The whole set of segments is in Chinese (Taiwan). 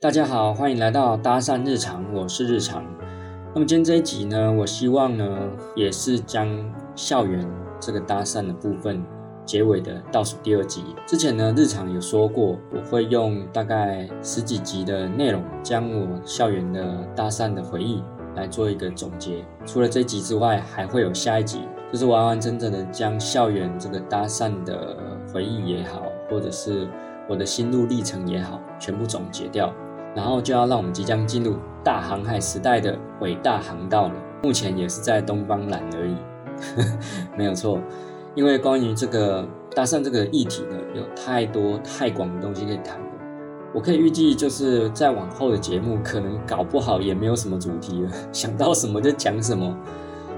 大家好，歡迎來到搭訕日常，我是日常。那麼今天這一集呢，我希望呢，也是將校園這個搭訕的部分結尾的倒數第二集。之前呢，日常有說過，我會用大概十幾集的內容，將我校園的搭訕的回憶。來做一個總結。除了這集之外，還會有下一集，就是完完整整的將校園這個搭訕的回憶也好，或者是我的心路歷程也好，全部總結掉。然後就要讓我們即將進入大航海時代的偉大航道了。目前也是在東方藍而已，呵呵，沒有錯。因為關於這個搭訕這個議題呢，有太多太廣的東西可以談。我可以預計，就是在往後的節目，可能搞不好也沒有什麼主題了，想到什麼就講什麼，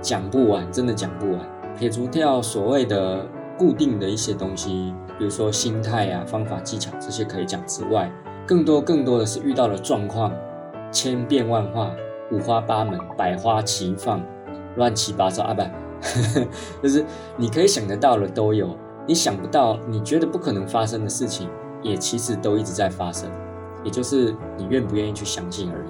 講不完，真的講不完。撇除掉所謂的固定的一些東西，比如說心態啊、方法技巧這些可以講之外，更多更多的是遇到的狀況，千變萬化，五花八門，百花齊放，亂七八糟啊，不，不，就是你可以想得到的都有，你想不到，你覺得不可能發生的事情。也其實都一直在發生，也就是你願不願意去相信而已。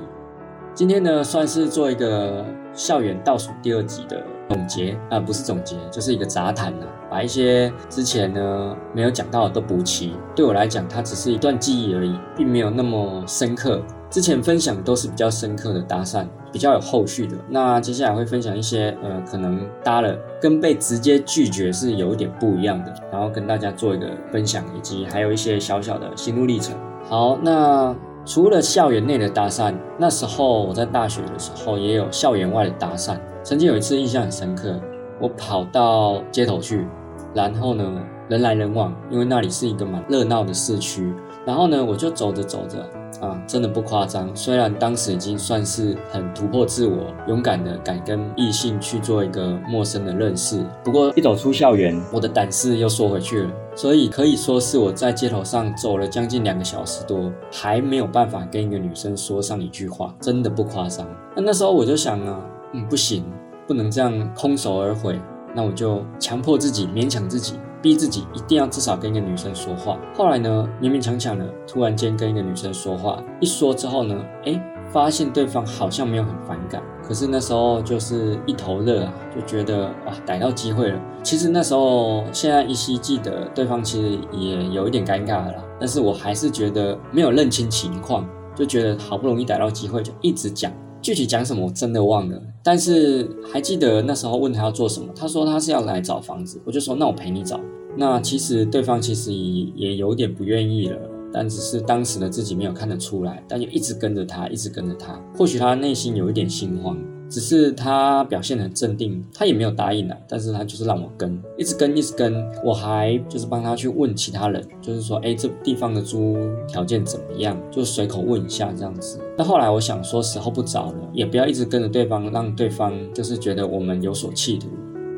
今天呢，算是做一個校園倒數第二集的總結啊，不是總結，就是一個雜談啦，把一些之前呢沒有講到的都補齊。對我來講，它只是一段記憶而已，並沒有那麼深刻。之前分享都是比較深刻的搭訕，比較有後續的。那接下來會分享一些，呃，可能搭了跟被直接拒絕是有一點不一樣的，然後跟大家做一個分享，以及還有一些小小的心路歷程。好，那除了校園內的搭訕，那時候我在大學的時候也有校園外的搭訕。曾經有一次印象很深刻，我跑到街頭去，然後呢，人來人往，因為那裡是一個蠻熱鬧的市區。然後呢，我就走着走着，啊，真的不誇張。雖然當時已經算是很突破自我，勇敢的敢跟異性去做一個陌生的認識，不過一走出校園，我的膽識又縮回去了。所以可以說是我在街頭上走了將近兩個小時多，還沒有辦法跟一個女生說上一句話，真的不誇張。那那時候我就想啊，嗯，不行，不能這樣空手而回，那我就強迫自己，勉強自己。逼自己一定要至少跟一個女生說話。後來呢，勉勉強強的突然間跟一個女生說話，一說之後呢，哎，發現對方好像沒有很反感。可是那時候就是一頭熱啊，就覺得哇、啊，逮到機會了。其實那時候，現在依稀記得對方其實也有一點尷尬了啦，但是我還是覺得沒有認清情況，就覺得好不容易逮到機會，就一直講。具體講什麼我真的忘了，但是還記得那時候問他要做什麼，他說他是要來找房子，我就說那我陪你找。那其實對方其實也也有點不願意了，但只是當時的自己沒有看得出來，但就一直跟着他，一直跟着他。或許他內心有一點心慌，只是他表現很鎮定，他也沒有答應了、啊。但是他就是讓我跟，一直跟，一直跟。我還就是幫他去問其他人，就是說，哎、欸，這地方的租屋條件怎麼樣？就隨口問一下這樣子。那後來我想說，時候不早了，也不要一直跟着對方，讓對方就是覺得我們有所企圖。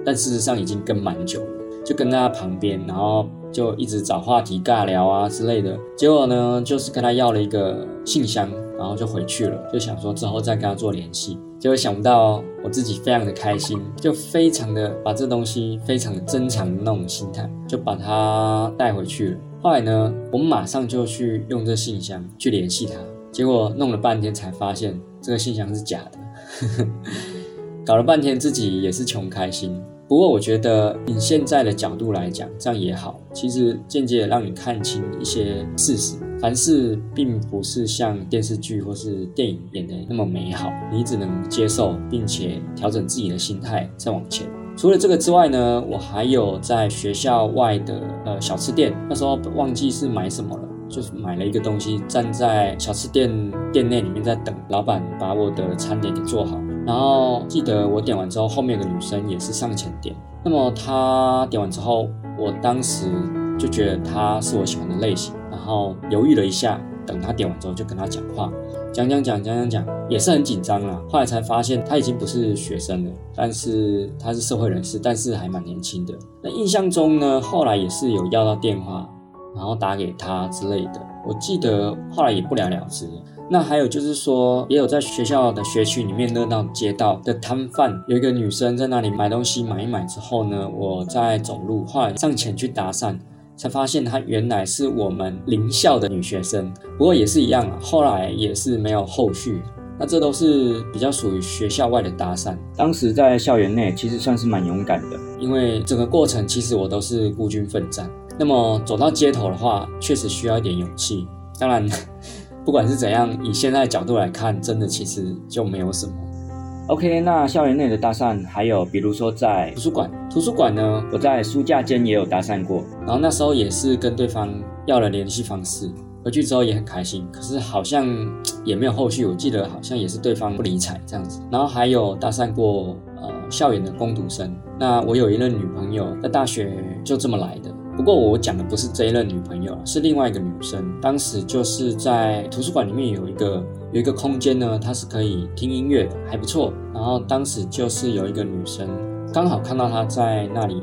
但事實上已經跟蠻久了。就跟在他旁邊，然後就一直找話題尬聊啊之類的。結果呢，就是跟他要了一個信箱，然後就回去了。就想說之後再跟他做聯繫，結果想不到我自己非常的開心，就非常的把這東西非常的珍藏的那種心態，就把它帶回去了。後來呢，我們馬上就去用這信箱去聯繫他，結果弄了半天才發現這個信箱是假的， 搞了半天自己也是窮開心。不過我覺得，以現在的角度來講，這樣也好。其實間接的讓你看清一些事實，凡事並不是像電視劇或是電影演的那麼美好。你只能接受，並且調整自己的心態，再往前。除了這個之外呢，我還有在學校外的呃小吃店，那時候忘記是買什麼了，就是買了一個東西，站在小吃店店內裡面在等老闆把我的餐點給做好。然後記得我點完之後，後面一個女生也是上前點。那麼她點完之後，我當時就覺得她是我喜歡的類型，然後猶豫了一下，等她點完之後就跟她講話，講講講講講講，也是很緊張啦。後來才發現她已經不是學生了，但是她是社會人士，但是還蠻年輕的。那印象中呢，後來也是有要到電話，然後打給她之類的。我記得後來也不了了之。那還有就是說，也有在學校的學區裡面熱鬧街道的攤販，有一個女生在那裡買東西，買一買之後呢，我在走路，後來上前去搭訕，才發現她原來是我們鄰校的女學生。不過也是一樣啊，後來也是沒有後續。那這都是比較屬於學校外的搭訕。當時在校園內其實算是蠻勇敢的，因為整個過程其實我都是孤軍奮戰。那麼走到街頭的話，確實需要一點勇氣。當然。 不管是怎樣，以現在的角度來看，真的其實就沒有什麼。OK，那校園內的搭訕，還有比如說在圖書館，圖書館呢，我在書架間也有搭訕過，然後那時候也是跟對方要了聯繫方式，回去之後也很開心，可是好像也沒有後續，我記得好像也是對方不理睬這樣子。然後還有搭訕過呃校園的工讀生，那我有一任女朋友在大學就這麼來的。不過我講的不是這一任女朋友，是另外一個女生。當時就是在圖書館裡面有一個有一個空間呢，她是可以聽音樂的，還不錯。然後當時就是有一個女生剛好看到她在那裡，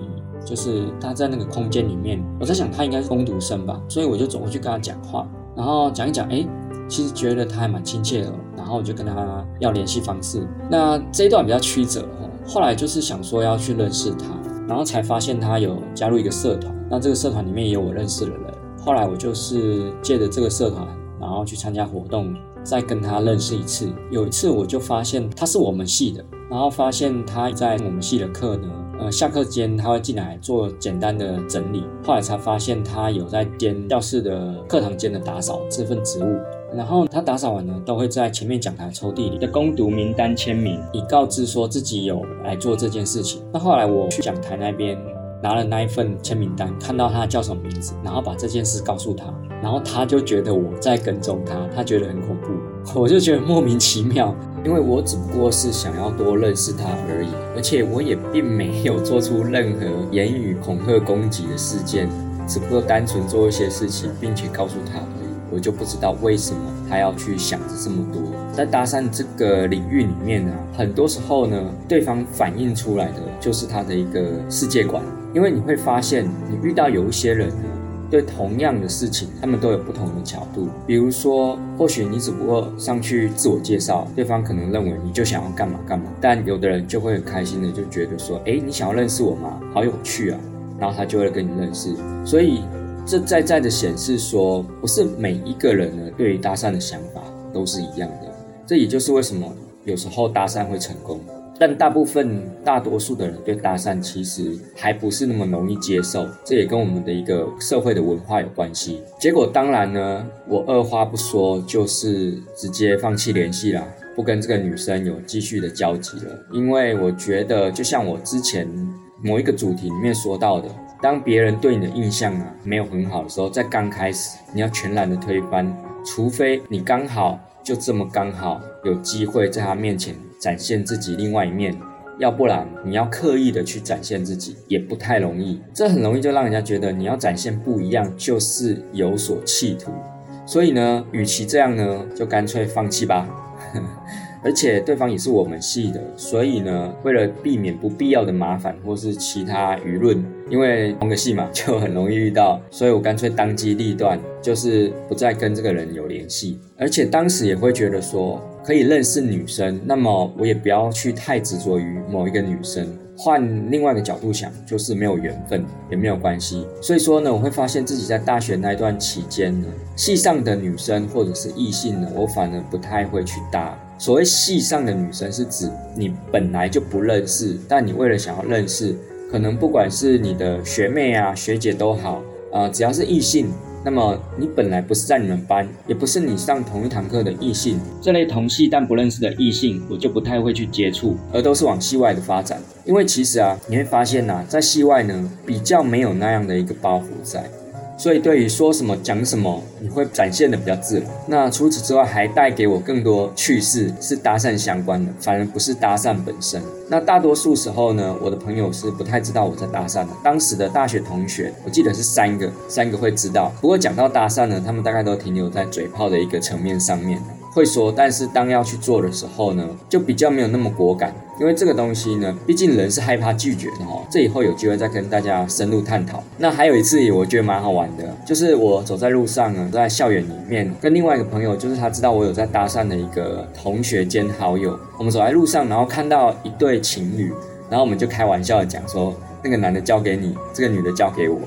就是她在那個空間裡面。我在想她應該是工讀生吧，所以我就走過去跟她講話，然後講一講，誒，其實覺得她還蠻親切的。然後我就跟她要聯繫方式。那這一段比較曲折哈，後來就是想說要去認識她。然後才發現他有加入一個社團，那這個社團裡面也有我認識的人。後來我就是借着這個社團，然後去參加活動，再跟他認識一次。有一次我就發現他是我們系的，然後發現他在我們系的課呢，呃，下課間他會進來做簡單的整理。後來才發現他有在兼教室的課堂間的打掃這份職務。然後他打掃完了，都會在前面講台抽屜裡的攻讀名單簽名，以告知說自己有來做這件事情。那後來我去講台那邊拿了那一份簽名單，看到他叫什麼名字，然後把這件事告訴他，然後他就覺得我在跟蹤他，他覺得很恐怖。我就覺得莫名其妙，因為我只不過是想要多認識他而已，而且我也並沒有做出任何言語恐嚇攻擊的事件，只不過單純做一些事情，並且告訴他。我就不知道為什麼他要去想着這麼多，在搭訕這個領域裡面呢，很多時候呢，對方反映出來的就是他的一個世界觀，因為你會發現，你遇到有一些人呢，對同樣的事情，他們都有不同的角度。比如說，或許你只不過上去自我介紹，對方可能認為你就想要幹嘛幹嘛，但有的人就會很開心的就覺得說，誒，你想要認識我嗎？好有趣啊，然後他就會跟你認識，所以。這在在的顯示說，不是每一個人呢，對於搭訕的想法都是一樣的。這也就是為什麼有時候搭訕會成功，但大部分、大多數的人對搭訕其實還不是那麼容易接受。這也跟我們的一個社會的文化有關係。結果當然呢，我二話不說，就是直接放棄聯繫啦，不跟這個女生有繼續的交集了。因為我覺得，就像我之前某一個主題裡面說到的。當別人對你的印象啊，沒有很好的時候，在剛開始，你要全然的推翻，除非你剛好就這麼剛好有機會在他面前展現自己另外一面，要不然你要刻意的去展現自己也不太容易，這很容易就讓人家覺得你要展現不一樣就是有所企圖，所以呢，與其這樣呢，就乾脆放棄吧。 而且對方也是我們系的，所以呢，為了避免不必要的麻煩或是其他輿論，因為同一個系嘛，就很容易遇到，所以我乾脆當機立斷，就是不再跟這個人有聯繫。而且當時也會覺得說，可以認識女生，那麼我也不要去太執着於某一個女生。換另外一個角度想，就是沒有緣分也沒有關係。所以說呢，我會發現自己在大學那一段期間呢，系上的女生或者是異性呢，我反而不太會去搭。所謂系上的女生，是指你本來就不認識，但你為了想要認識，可能不管是你的學妹啊、學姐都好，啊、呃、只要是異性，那麼你本來不是在你們班，也不是你上同一堂課的異性，這類同系但不認識的異性，我就不太會去接觸，而都是往系外的發展，因為其實啊，你會發現吶、啊，在系外呢，比較沒有那樣的一個包袱在。所以對於說什麼講什麼，你會展現得比較自然。那除此之外，還帶給我更多趣事是搭訕相關的，反而不是搭訕本身。那大多數時候呢，我的朋友是不太知道我在搭訕的。當時的大學同學，我記得是三個，三個會知道。不過講到搭訕呢，他們大概都停留在嘴炮的一個層面上面。會說，但是當要去做的時候呢，就比較沒有那麼果敢，因為這個東西呢，畢竟人是害怕拒絕的哦，這以後有機會再跟大家深入探討。那還有一次，我覺得蠻好玩的，就是我走在路上呢，在校園裡面跟另外一個朋友，就是他知道我有在搭訕的一個同學兼好友。我們走在路上，然後看到一對情侶，然後我們就開玩笑的講說，那個男的交給你，這個女的交給我。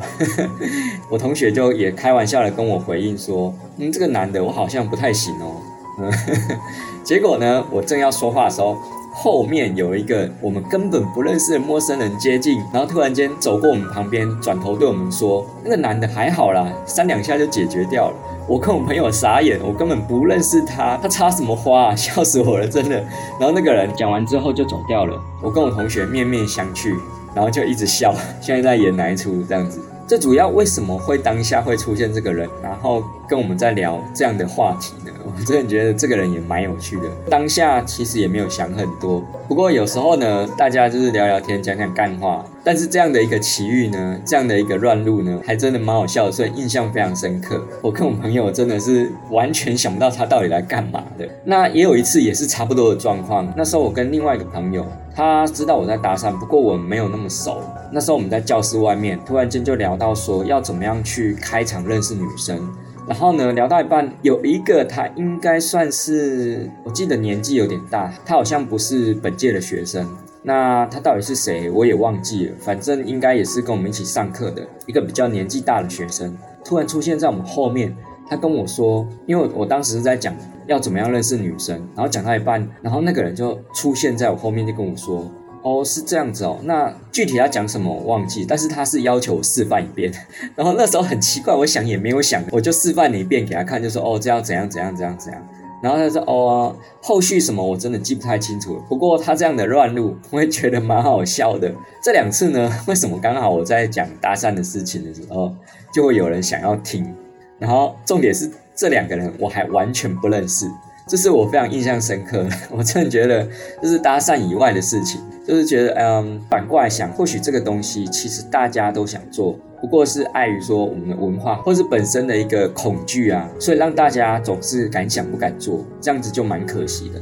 我同學就也開玩笑的跟我回應說，嗯，這個男的我好像不太行哦。嗯，呵呵。結果呢？我正要說話的時候，後面有一個我們根本不認識的陌生人接近，然後突然間走過我們旁邊，轉頭對我們說：“那個男的還好啦，三兩下就解決掉了。”我跟我朋友傻眼，我根本不認識他，他插什麼花啊？笑死我了，真的。然後那個人講完之後就走掉了，我跟我同學面面相覷，然後就一直笑，現在在演哪一出這樣子？這主要為什麼會當下會出現這個人，然後跟我們在聊這樣的話題呢？我真的覺得這個人也蠻有趣的。當下其實也沒有想很多，不過有時候呢，大家就是聊聊天，講講幹話。但是這樣的一個奇遇呢，這樣的一個亂入呢，還真的蠻好笑的，所以印象非常深刻。我跟我朋友真的是完全想不到他到底來幹嘛的。那也有一次也是差不多的狀況，那時候我跟另外一個朋友。他知道我在搭訕，不過我們沒有那麼熟。那時候我們在教室外面，突然間就聊到說要怎麼樣去開場認識女生。然後呢，聊到一半，有一個他應該算是，我記得年紀有點大，他好像不是本屆的學生。那他到底是誰，我也忘記了。反正應該也是跟我們一起上課的一個比較年紀大的學生，突然出現在我們後面。他跟我說，因為我，我當時是在講要怎麼樣認識女生，然後講到一半，然後那個人就出現在我後面，就跟我說：“哦，是這樣子哦。”那具體要講什麼我忘記，但是他是要求我示範一遍。然後那時候很奇怪，我想也沒有想，我就示範了一遍給他看，就說：“哦，這要怎樣怎樣怎樣怎樣。怎樣怎樣”然後他說：“哦，後續什麼我真的記不太清楚了。”不過他這樣的亂入我也覺得蠻好笑的。這兩次呢，為什麼剛好我在講搭訕的事情的時候，就會有人想要聽？然後重點是這兩個人我還完全不認識，這是我非常印象深刻的。我真的覺得，這是搭訕以外的事情，就是覺得，嗯，反過來想，或許這個東西其實大家都想做，不過是礙於說我們的文化，或是本身的一個恐懼啊，所以讓大家總是敢想不敢做，這樣子就蠻可惜的。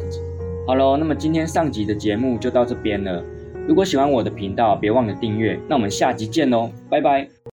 好嘍，那麼今天上集的節目就到這邊了。如果喜歡我的頻道，別忘了訂閱。那我們下集見嘍，拜拜。